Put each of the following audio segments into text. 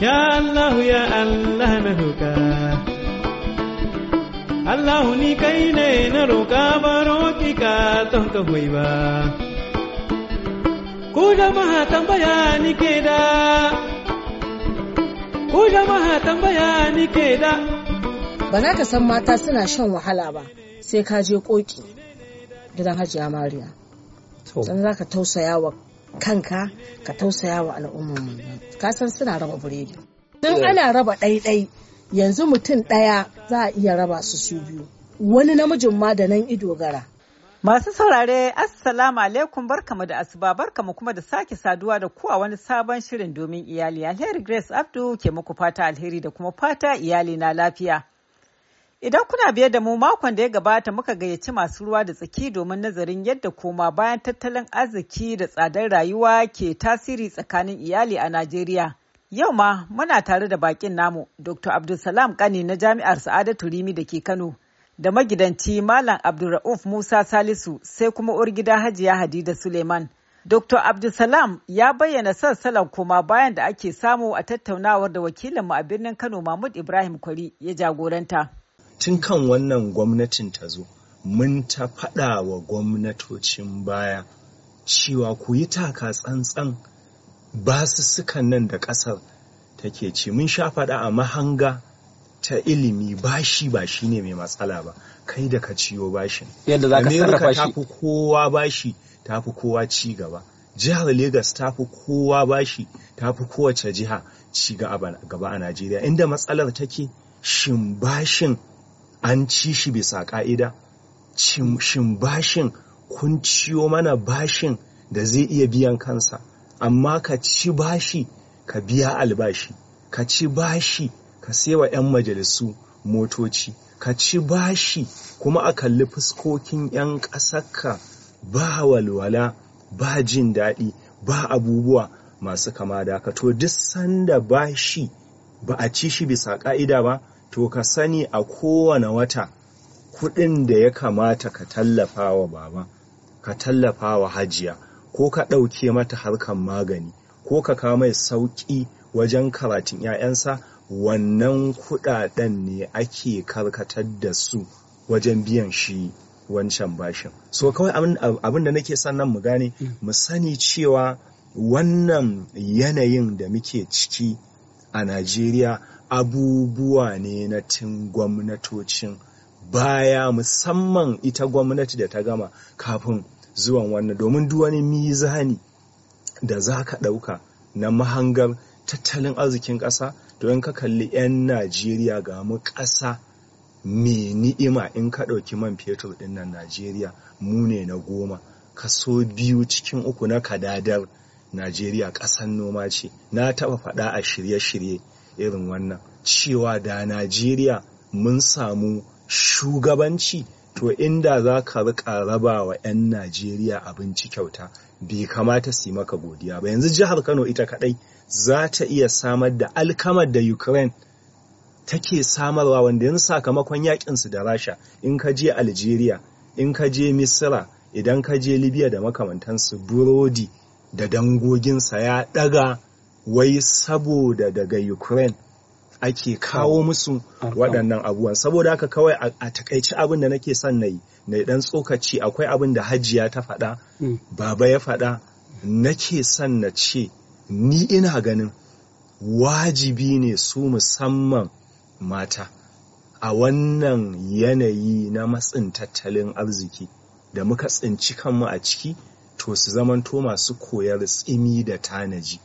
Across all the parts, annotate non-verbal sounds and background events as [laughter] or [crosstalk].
Ya Allah ya Allah na roƙa Allah ni kai ne na roƙa baro ki ka ton ka hoyi ba Ku jama'a tambaya ni ke da Ku jama'a tambaya ni ke da Ba ka san mata suna shan wahala ba sai ka je koki gidan Hajiya Mariya. Sannan za ka tausaya wa kanka ka tausaya wa al'ummar ka san suna raba biredi don ana raba ɗaiɗai yanzu mutum ɗaya za a iya raba su su biyu wani namijin ma da nan ido gara Masu saurare, Assalamu alaikum barkamu da asuba barkamu kuma da sake saduwa da kuwa wani sabon shirin domin iyali. Alheri Grace Abdu ke muku fata alheri da kuma fata iyali na lafiya. Idan kuna biye da mu makon da ya gabata muka gayyaci masu ruwa da tsaki domin nazarin yadda koma bayan tattalin arziki da tsadar rayuwa ke tasiri tsakanin iyali a Najeriya. Yau ma muna tare da bakin namu Dr. Abdulsalam Kani na Jami'ar Sa'adatu Rimi da ke Kano da magidanci Malam Abdulra'uf Musa Salisu sai kuma Urgida Hajiya Hadida Suleiman. Dr. Abdulsalam ya bayyana sassalan koma bayan da ake samu a tattaunawar da wakilinmu a birnin Kano Mahmud Ibrahim Kwari ya jagoranta. tun kan wannan gwamnatin ta zo mun ta faɗa wa gwamnatocin baya cewa ku yi taka tsantsan basussukan nan da ƙasar take ci mun sha faɗa a mahanga ta ilimi bashi ba shi ne mai matsala ba kai da ka ciyo bashin yadda za ka sarrafa shi tafi kowa bashi tafi kowa ci gaba jihar Legas ta fi kowa bashi ta fi kowace jiha ci gaba a Najeriya inda matsalar take shin bashin an ci shi bisa ƙa'ida shin bashin kun ciyo mana bashin da zai iya biyan kansa amma ka ci bashi ka biya albashi ka ci bashi ka sewa 'yan majalisu motoci ka ci bashi kuma a kalli fuskokin 'yan ƙasarka ba walwala ba jin daɗi ba abubuwa masu kama da ka to duk sanda bashi ba a ci shi bisa ƙa'ida ba to ka sani a kowane wata kuɗin da ya kamata ka tallafa wa baba ka tallafa wa hajiya ko ka ɗauke mata harkan magani ko ka kama mai sauƙi wajen karatun 'ya'yansa wannan kuɗaɗen ne ake karkatar da su wajen biyan shi wancan bashin so kawai abin da nake son nan mu gane hmm. mu sani cewa wannan yanayin da muke ciki a najeriya abubuwa ne na tun gwamnatocin baya musamman ita gwamnati da ta gama kafin zuwan wannan domin duk wani mizani da za ka ɗauka na mahangar tattalin arzikin ƙasa to in ka kalli 'yan najeriya ga mu ƙasa me ni'ima in ka ɗauki man fetur ɗin nan najeriya mu ne na goma kaso biyu cikin uku na kadadar najeriya ƙasan noma ce na taɓa faɗa a shirye-shirye irin wannan cewa da najeriya mun samu shugabanci to inda za ka rika raba wa 'yan najeriya abinci kyauta bai kamata su yi maka godiya ba yanzu jihar kano ita kadai za ta iya samar da alkamar da ukraine take samarwa wanda yanzu sakamakon yakinsu da rasha in ka je algeria in ka je misira idan ka je libya da makamantansu burodi da dangoginsa ya daga wai saboda daga ukraine ake kawo musu waɗannan abubuwan saboda haka kawai a takaici abin da nake son na yi na ɗan tsokaci akwai abin da hajiya ta faɗa mm. baba ya faɗa nake son na ce ni ina ganin wajibi ne su musamman mata a wannan yanayi na matsin tattalin arziki da muka tsinci kanmu a ciki to su zamanto masu koyar tsimi da tanaji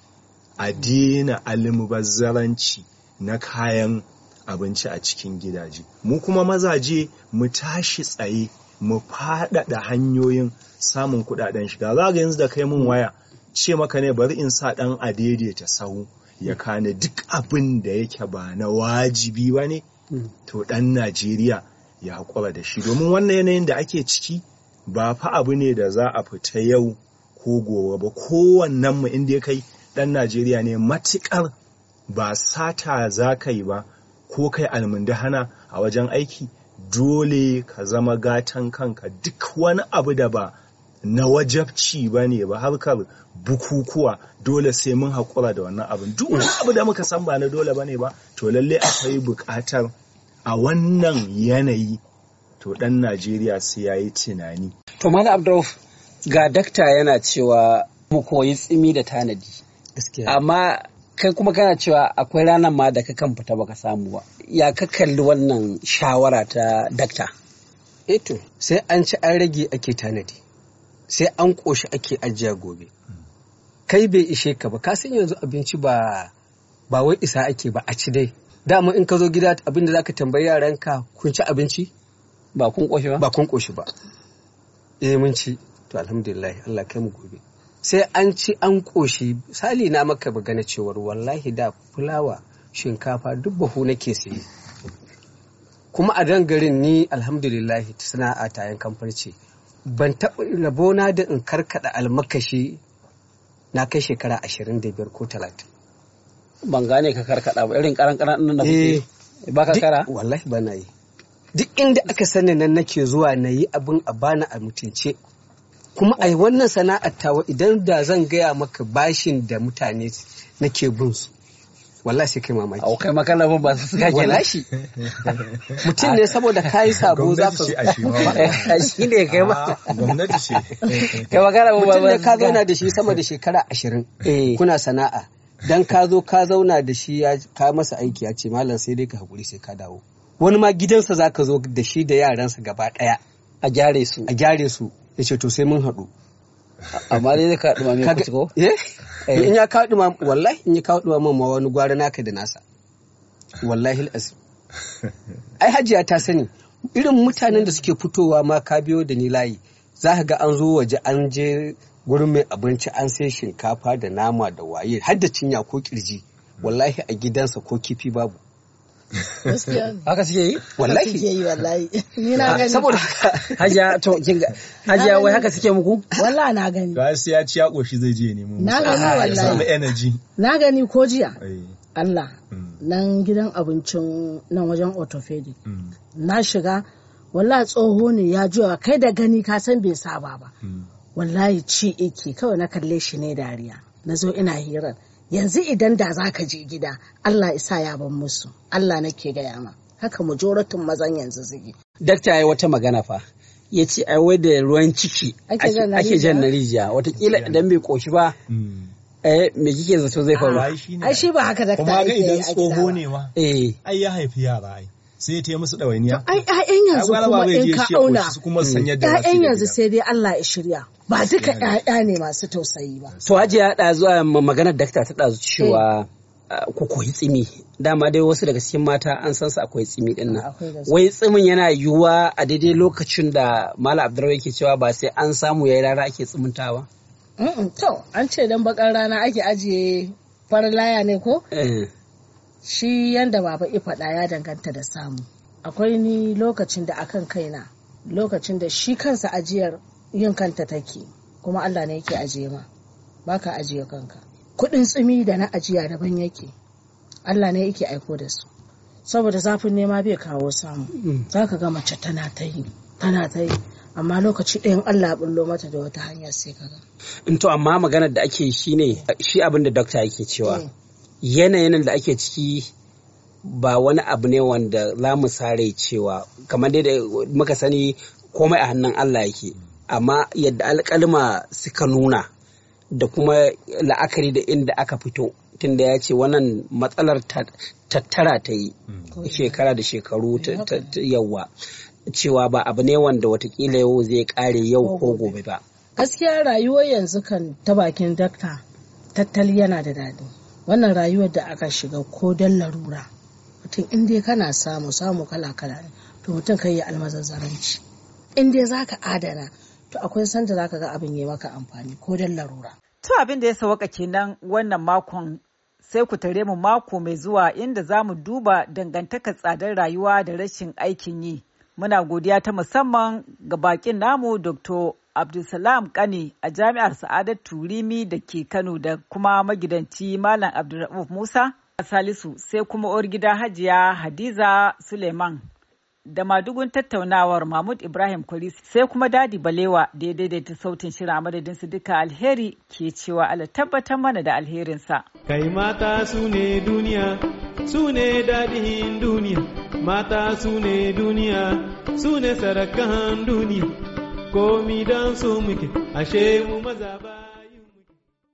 a daina almubazzaranci na kayan abinci a cikin gidaje mu kuma mazaje mu tashi tsaye mu faɗaɗa hanyoyin samun kuɗaɗen shiga za ga yanzu da kai mun waya ce maka ne bari in sa ɗan a daidaita sahu ya kane duk abin da yake ba na wajibi ba ne hmm. to ɗan najeriya ya haƙura da shi domin wannan yanayin da ake ciki ba fa abu ne da za a fita yau ko gobe ba kowannen mu inda ya kai ɗan Najeriya ne matuƙar ba sata za ka yi ba ko kai almundahana a wajen aiki dole ka zama gatan kanka duk wani abu da ba na wajabci ba ne ba harkar bukukuwa dole sai mun haƙura da wannan abin duk wani abu da muka san ba na dole ba ne ba to lalle akwai buƙatar a wannan yanayi to ɗan najeriya sai ya yi tunani to malam abdulrauf ga dakta yana cewa mu koyi tsimi da tanadi amma kai kuma kana cewa akwai ranar ma da kakan fita ba ka samu ba ya ka kalli wannan shawara ta dakta eto eh sai an ci an rage ake tanadi sai an ƙoshi ake ajiya gobe kai bai ishe ka ba san yanzu abinci ba ba wai isa ake ba a ci dai dama in ka zo gida abinda ka tambayi yaranka kun ci abinci ba kun ƙoshi ba ba kun ƙoshi ba eh mun ci to alhamdulillah Allah kai mu gobe sai an ci an koshi sali na maka magana cewar wallahi da fulawa shinkafa duk bahu nake saye kuma a dan garin ni alhamdulillahi ta sana'a ta yan kamfar ce ban taɓa rabona da in karkaɗa almakashi na kai shekara ashirin da biyar ko talatin ban gane ka karkaɗa ba irin karan karan nan da eh, ba ka kara wallahi ba na yi duk inda aka sani nan nake zuwa na yi abin a bana a mutunce kuma ai wannan sana'ar tawa idan da zan gaya maka bashin da mutane nake bin su wallahi sai kai mamaki a kai makalafin ba su suka kenan shi mutum ne saboda kai sabo za ka [laughs] eh, shi ne kai ba ah, gwamnati ce kai makalafin ba mutum ne ka zauna da shi sama da shekara ashirin eh. kuna sana'a dan ka zo ka zauna da shi ya ka masa aiki ya ce malam sai dai ka hakuri sai ka dawo wani ma gidansa za ka zo da shi da yaransa gaba ɗaya a gyare su a gyare su ya ce to sai mun haɗu amma dai zai kaɗu ma mai kuci ko eh? Eh. in ya kaɗu ma wallahi in ya kaɗu ma ma wani gwara naka da nasa wallahi al'asim ai hajiya ta sani irin mutanen da suke fitowa ma ka biyo da ni layi za ka ga an zo waje an je gurin mai abinci an sai shinkafa da nama da waye har da cinya ko kirji wallahi a gidansa ko kifi babu haka suke yi wallahi suke yi wallahi ni na gani saboda hajiya to kin ga hajiya wai haka suke muku wallahi na gani ga sai ya ci ya koshi zai je nemo na gani wallahi energy na gani ko jiya eh. Allah mm. nan gidan abincin nan wajen orthopedic mm. na shiga wallahi tsoho ne ya jiwa kai da gani ka san bai saba ba mm. wallahi ci yake kawai na kalle shi ne dariya na zo ina hirar yanzu idan da za ka je gida Allah isa ya ban musu Allah nake gaya ma haka majoratin mazan yanzu zigi. Dakta ya yi wata magana fa ya ce a wai da ruwan ciki ake jan na rijiya watakila idan bai koshi ba hmm. eh me kike zato zai faru ah, ai shi ba haka dakta yake kuma ga idan tsoho ne ma eh ai ya haifi yara ai sai ta yi musu ɗawainiya. Ai ‘ya’yan yanzu kuma in ka auna ‘ya’yan yanzu sai dai Allah ya shirya. Ba duka yaya ne masu tausayi ba. To hajiya ya zuwa maganar dakta ta ɗazu cewa eh. ku koyi tsimi dama dai wasu daga cikin mata an san su akwai tsimi ɗin nan wai tsimin yana yiwuwa a daidai lokacin da mala abdurrahman yake cewa ba sai an samu ya yi rana ake tsimintawa to an ce dan bakar rana ake ajiye farin laya ne ko eh. shi yanda baba Ifa faɗa ya danganta da samu akwai ni lokacin da akan kaina lokacin da shi kansa ajiyar yin kanta take kuma allah ne yake ajiye ma baka ajiye kanka kuɗin tsumi da na ajiya daban yake allah ne yake aiko da su saboda zafin nema bai kawo samu mm. za ka ga mace tana ta yi tana ta yi amma lokaci ɗayan Allah ya bullo mata da wata hanya sai ka ga. In to amma maganar da ake shi ne shi abin dokta yake cewa mm. yanayin da ake ciki ba wani abu ne wanda za mu sare cewa kamar dai da muka sani komai a hannun Allah yake amma yadda alƙalma suka nuna da kuma la'akari da inda aka fito tunda ya ce wannan matsalar tattara ta yi mm. shekara da shekaru eh, yawa cewa ba abu ne wanda watakila yau zai kare yau ko gobe ba gaskiya rayuwar yanzu kan ta bakin dakta tattali yana da daɗi wannan rayuwar da aka shiga ko don larura mutum in dai kana samu samu kala kala ne to mutum kai ya almazazzaranci in dai ka adana to akwai sanda za ka ga abin ya maka amfani ko don larura to abin da ya sawaka kenan wannan makon sai ku tare mu mako mai zuwa inda za mu duba dangantaka tsadar rayuwa da rashin aikin yi muna godiya ta musamman ga bakin namu dr Abdulsalam kani a Jami'ar Sa'adat Turimi da ke Kano da kuma magidanci Malam Abdulrauf Musa A Salisu sai kuma uwar gida Hajiya Hadiza Suleiman da madugun tattaunawar Mahmud Ibrahim Kwari sai kuma Dadi Balewa da ya daidaita sautin shirin a madadin su duka alheri ke cewa ala tabbatar mana da alherinsa. Kai mata su ne duniya, su ne dadihin duniya, mata su ne duniya, su ne sarakan duniya. komi dan su muke ashe mu maza ba